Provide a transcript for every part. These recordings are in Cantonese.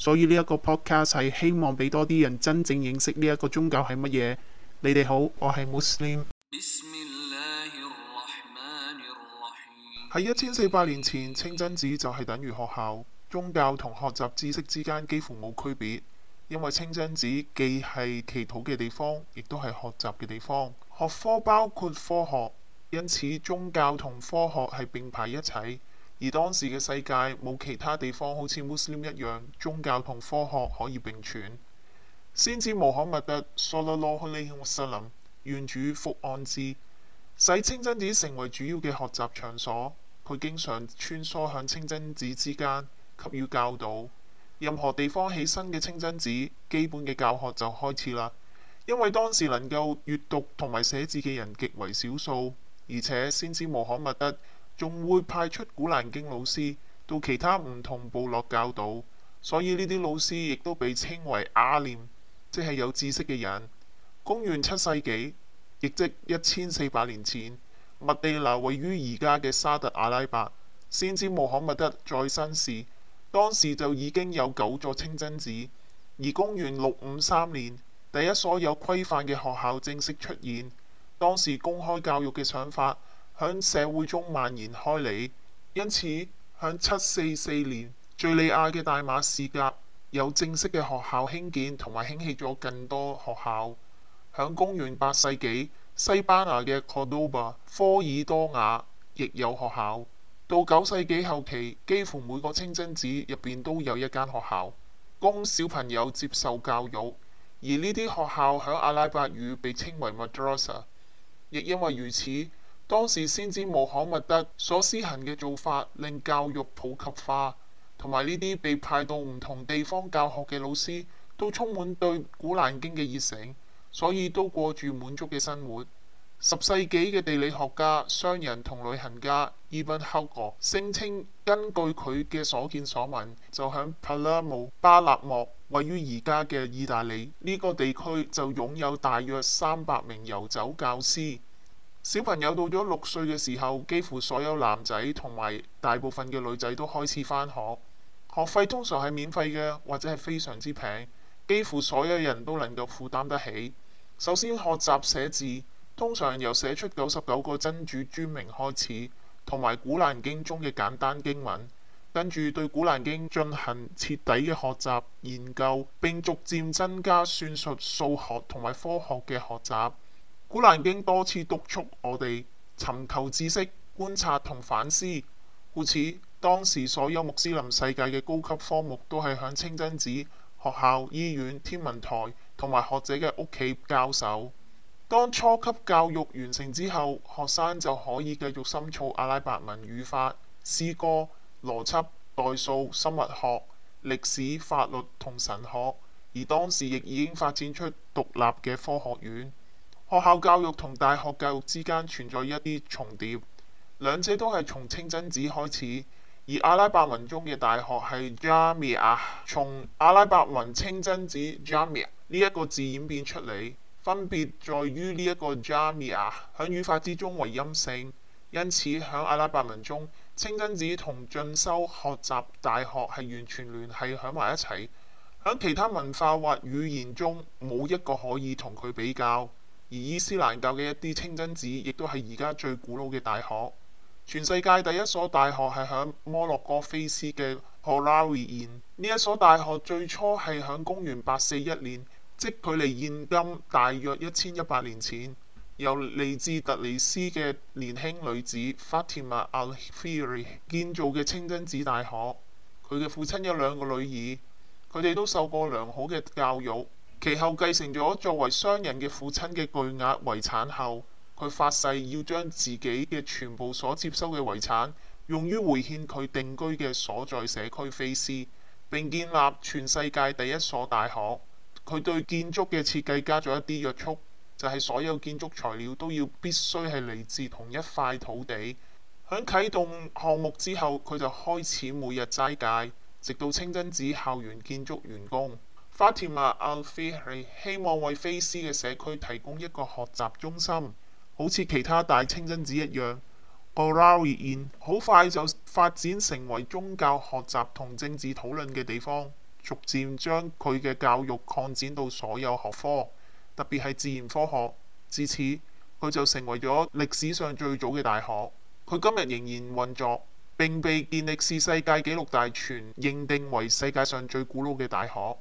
所以呢一個 podcast 係希望俾多啲人真正認識呢一個宗教係乜嘢。你哋好，我係穆斯林。喺一千四百年前，清真寺就係等於學校，宗教同學習知識之間幾乎冇區別，因為清真寺既係祈禱嘅地方，亦都係學習嘅地方。學科包括科學，因此宗教同科學係並排一齊。而當時嘅世界冇其他地方好似穆斯林一樣，宗教同科學可以並存。先知穆罕默德，蘇拉羅哈利穆斯林，願主福安之，使清真寺成為主要嘅學習場所。佢經常穿梭響清真寺之間，給予教導。任何地方起身嘅清真寺，基本嘅教學就開始啦。因為當時能夠閲讀同埋寫字嘅人極為少數，而且先知穆罕默德，仲會派出古蘭經老師到其他唔同部落教導，所以呢啲老師亦都被稱為阿念，即係有知識嘅人。公元七世紀，亦即一千四百年前，麥地那位於而家嘅沙特阿拉伯，先知穆罕默德再生時，當時就已經有九座清真寺。而公元六五三年，第一所有規範嘅學校正式出現，當時公開教育嘅想法。喺社會中蔓延開嚟，因此喺七四四年，敍利亞嘅大馬士革有正式嘅學校興建，同埋興起咗更多學校。喺公元八世紀，西班牙嘅 Cordoba 科爾多瓦亦有學校。到九世紀後期，幾乎每個清真寺入邊都有一間學校，供小朋友接受教育。而呢啲學校喺阿拉伯語被稱為 madrasa，亦因為如此。當時先知穆罕默德所施行嘅做法，令教育普及化，同埋呢啲被派到唔同地方教學嘅老師都充滿對古蘭經嘅熱誠，所以都過住滿足嘅生活。十世紀嘅地理學家、商人同旅行家伊本哈格聲稱，根據佢嘅所見所聞，就響帕拉姆巴勒莫位於而家嘅意大利呢個地區，就擁有大約三百名遊走教師。小朋友到咗六歲嘅時候，幾乎所有男仔同埋大部分嘅女仔都開始返學。學費通常係免費嘅，或者係非常之平，幾乎所有人都能夠負擔得起。首先學習寫字，通常由寫出九十九個真主尊名開始，同埋古蘭經中嘅簡單經文。跟住對古蘭經進行徹底嘅學習研究，並逐漸增加算術數學同埋科學嘅學習。古蘭經多次督促我哋尋求知識、觀察同反思，故此當時所有穆斯林世界嘅高級科目都係響清真寺、學校、醫院、天文台同埋學者嘅屋企教授。當初級教育完成之後，學生就可以繼續深造阿拉伯文語法、詩歌、邏輯、代數、生物學、歷史、法律同神學，而當時亦已經發展出獨立嘅科學院。學校教育同大學教育之間存在一啲重疊，兩者都係從清真寺開始。而阿拉伯文中嘅大學係 Jamiah，從阿拉伯文清真寺 Jamiah 呢一個字演變出嚟。分別在於呢一個 Jamiah 喺語法之中為陰性，因此喺阿拉伯文中，清真寺同進修學習大學係完全聯繫響埋一齊。喺其他文化或語言中冇一個可以同佢比較。而伊斯蘭教嘅一啲清真寺，亦都係而家最古老嘅大學。全世界第一所大學係響摩洛哥菲斯嘅 Al-Qarawiyyin。呢一所大學最初係響公元八四一年，即距離現今大約一千一百年前，由嚟自突尼斯嘅年輕女子 Fatima al-Fihri 建造嘅清真寺大學。佢嘅父親有兩個女兒，佢哋都受過良好嘅教育。其後繼承咗作為商人嘅父親嘅巨額遺產後，佢發誓要將自己嘅全部所接收嘅遺產用於回獻佢定居嘅所在社區菲斯，並建立全世界第一所大學。佢對建築嘅設計加咗一啲約束，就係、是、所有建築材料都要必須係嚟自同一塊土地。響啟動項目之後，佢就開始每日齋戒，直到清真寺校園建築完工。Fatima al-Fihri 希望為菲斯嘅社區提供一個學習中心，好似其他大清真寺一樣。Al-Qarawiyyin 好快就發展成為宗教學習同政治討論嘅地方，逐漸將佢嘅教育擴展到所有學科，特別係自然科學。至此，佢就成為咗歷史上最早嘅大學。佢今日仍然運作，並被《健力士世界紀錄大全》認定為世界上最古老嘅大學。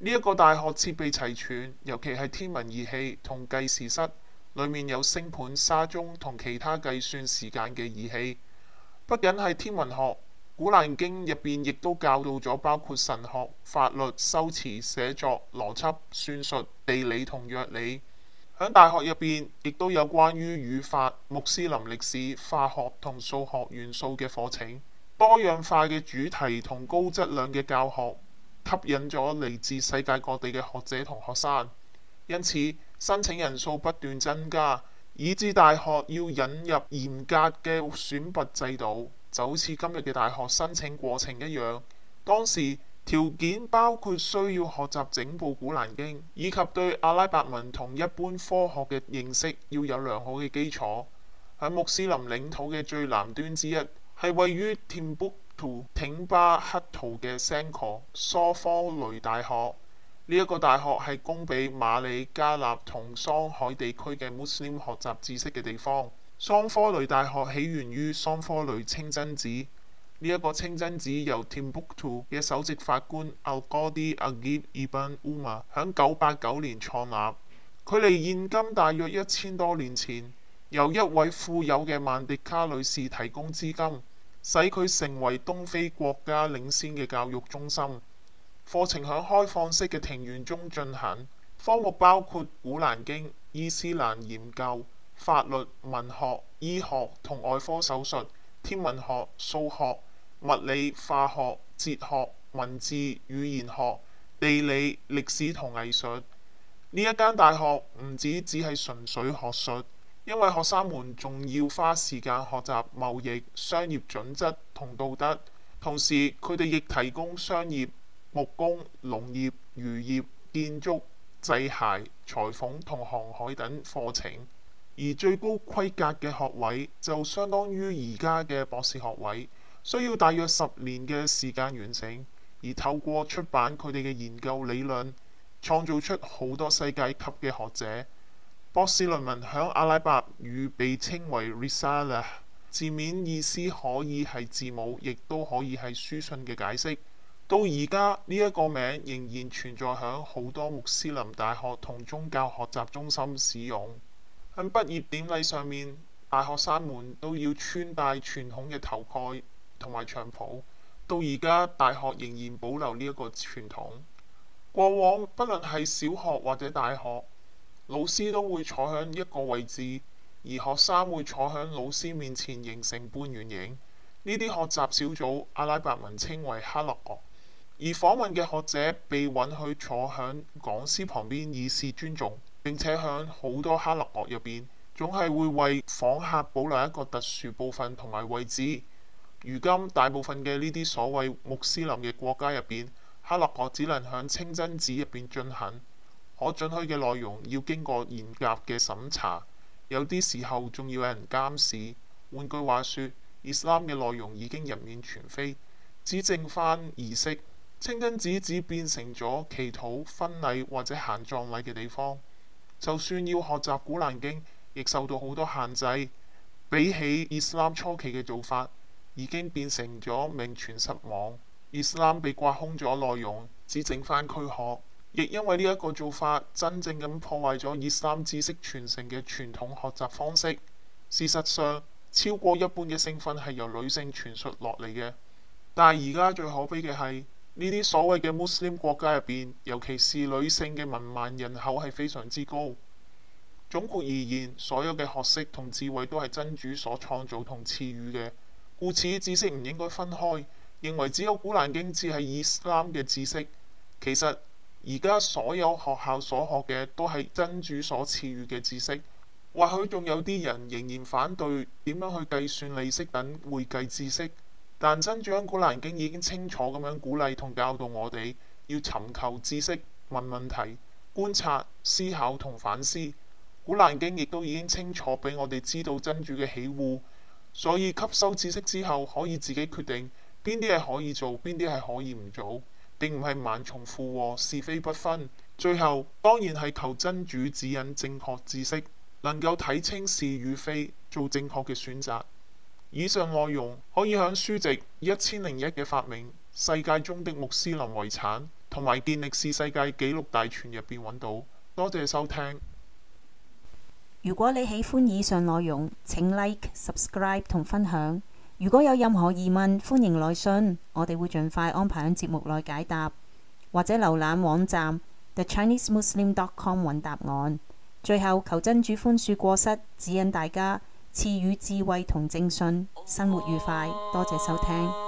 呢一個大學設備齊全，尤其係天文儀器同計時室，裡面有星盤、沙鐘同其他計算時間嘅儀器。不僅係天文學，《古蘭經》入邊亦都教導咗包括神學、法律、修辭、寫作、邏輯、算術、地理同藥理。喺大學入邊亦都有關於語法、穆斯林歷史、化學同數學元素嘅課程。多樣化嘅主題同高質量嘅教學，吸引咗嚟自世界各地嘅學者同學生，因此申請人數不斷增加，以致大學要引入嚴格嘅選拔制度，就好似今日嘅大學申請過程一樣，當時條件包括需要學習整部古蘭經以及對阿拉伯文同一般科學嘅認識要有良好嘅基礎，喺穆斯林領土嘅最南端之一，係位於田挺巴克圖嘅聖堂，桑科雷大學呢一個大學係供俾馬里加納同桑海地區嘅穆斯林學習知識嘅地方。桑科雷大學起源於桑科雷清真寺呢一個清真寺，由 Timbuktu 嘅首席法官 Algodi Agib Ibn Uma 響九八九年創立。距離現今大約一千多年前，由一位富有嘅曼迪卡女士提供資金。使佢成為東非國家領先嘅教育中心。課程喺開放式嘅庭園中進行，科目包括古蘭經、伊斯蘭研究、法律、文學、醫學同外科手術、天文學、數學、物理、化學、哲學、文字、語言學、地理、歷史同藝術。呢一間大學唔止只係純粹學術。因為學生們仲要花時間學習貿易、商業準則同道德，同時佢哋亦提供商業、木工、農業、漁業、建築、製鞋、裁縫同航海等課程。而最高規格嘅學位就相當於而家嘅博士學位，需要大約十年嘅時間完成。而透過出版佢哋嘅研究理論，創造出好多世界級嘅學者。博士論文響阿拉伯語被稱為 Risala，字面意思可以係字母，亦都可以係書信嘅解釋。到而家呢一個名仍然存在響好多穆斯林大學同宗教學習中心使用。喺畢業典禮上面，大學生們都要穿戴傳統嘅頭蓋同埋長袍。到而家大學仍然保留呢一個傳統。過往，不論係小學或者大學，老師都會坐響一個位置，而學生會坐響老師面前，形成半圓形。呢啲學習小組，阿拉伯文稱為哈勒國，而訪問嘅學者被允許坐響講師旁邊，以示尊重。並且響好多哈勒國入邊，總係會為訪客保留一個特殊部分同埋位置。如今大部分嘅呢啲所謂穆斯林嘅國家入邊，哈勒國只能響清真寺入邊進行。可進去嘅內容要經過嚴格嘅審查，有啲時候仲要有人監視。換句話說，伊斯蘭嘅內容已經人面全非，只剩翻儀式。清真寺只變成咗祈禱、婚禮或者行葬禮嘅地方。就算要學習古蘭經，亦受到好多限制。比起伊斯蘭初期嘅做法，已經變成咗名存實亡。伊斯蘭被刮空咗內容，只剩翻軀殼。亦因為呢一個做法，真正咁破壞咗伊斯蘭知識傳承嘅傳統學習方式。事實上，超過一半嘅聖訓係由女性傳述落嚟嘅。但係而家最可悲嘅係呢啲所謂嘅穆斯林國家入邊，尤其是女性嘅文盲人口係非常之高。總括而言，所有嘅學識同智慧都係真主所創造同賜予嘅，故此知識唔應該分開，認為只有古蘭經至係伊斯蘭嘅知識。其實。而家所有學校所學嘅都係真主所賜予嘅知識，或許仲有啲人仍然反對點樣去計算利息等會計知識，但真主喺古蘭經已經清楚咁樣鼓勵同教導我哋要尋求知識、問問題、觀察、思考同反思。古蘭經亦都已經清楚俾我哋知道真主嘅喜惡，所以吸收知識之後可以自己決定邊啲係可以做，邊啲係可以唔做。並唔係盲從附和，是非不分，最後當然係求真主指引正確知識，能夠睇清是與非，做正確嘅選擇。以上內容可以喺書籍《一千零一嘅發明》、《世界中的穆斯林遺產》同埋《健力士世界紀錄大全》入邊揾到。多謝收聽。如果你喜歡以上內容，請 like、subscribe 同分享。如果有任何疑問，歡迎來信，我哋會盡快安排喺節目內解答，或者瀏覽網站 TheChineseMuslim.com 揾答案。最後，求真主寬恕過失，指引大家，賜予智慧同正信，生活愉快。多謝收聽。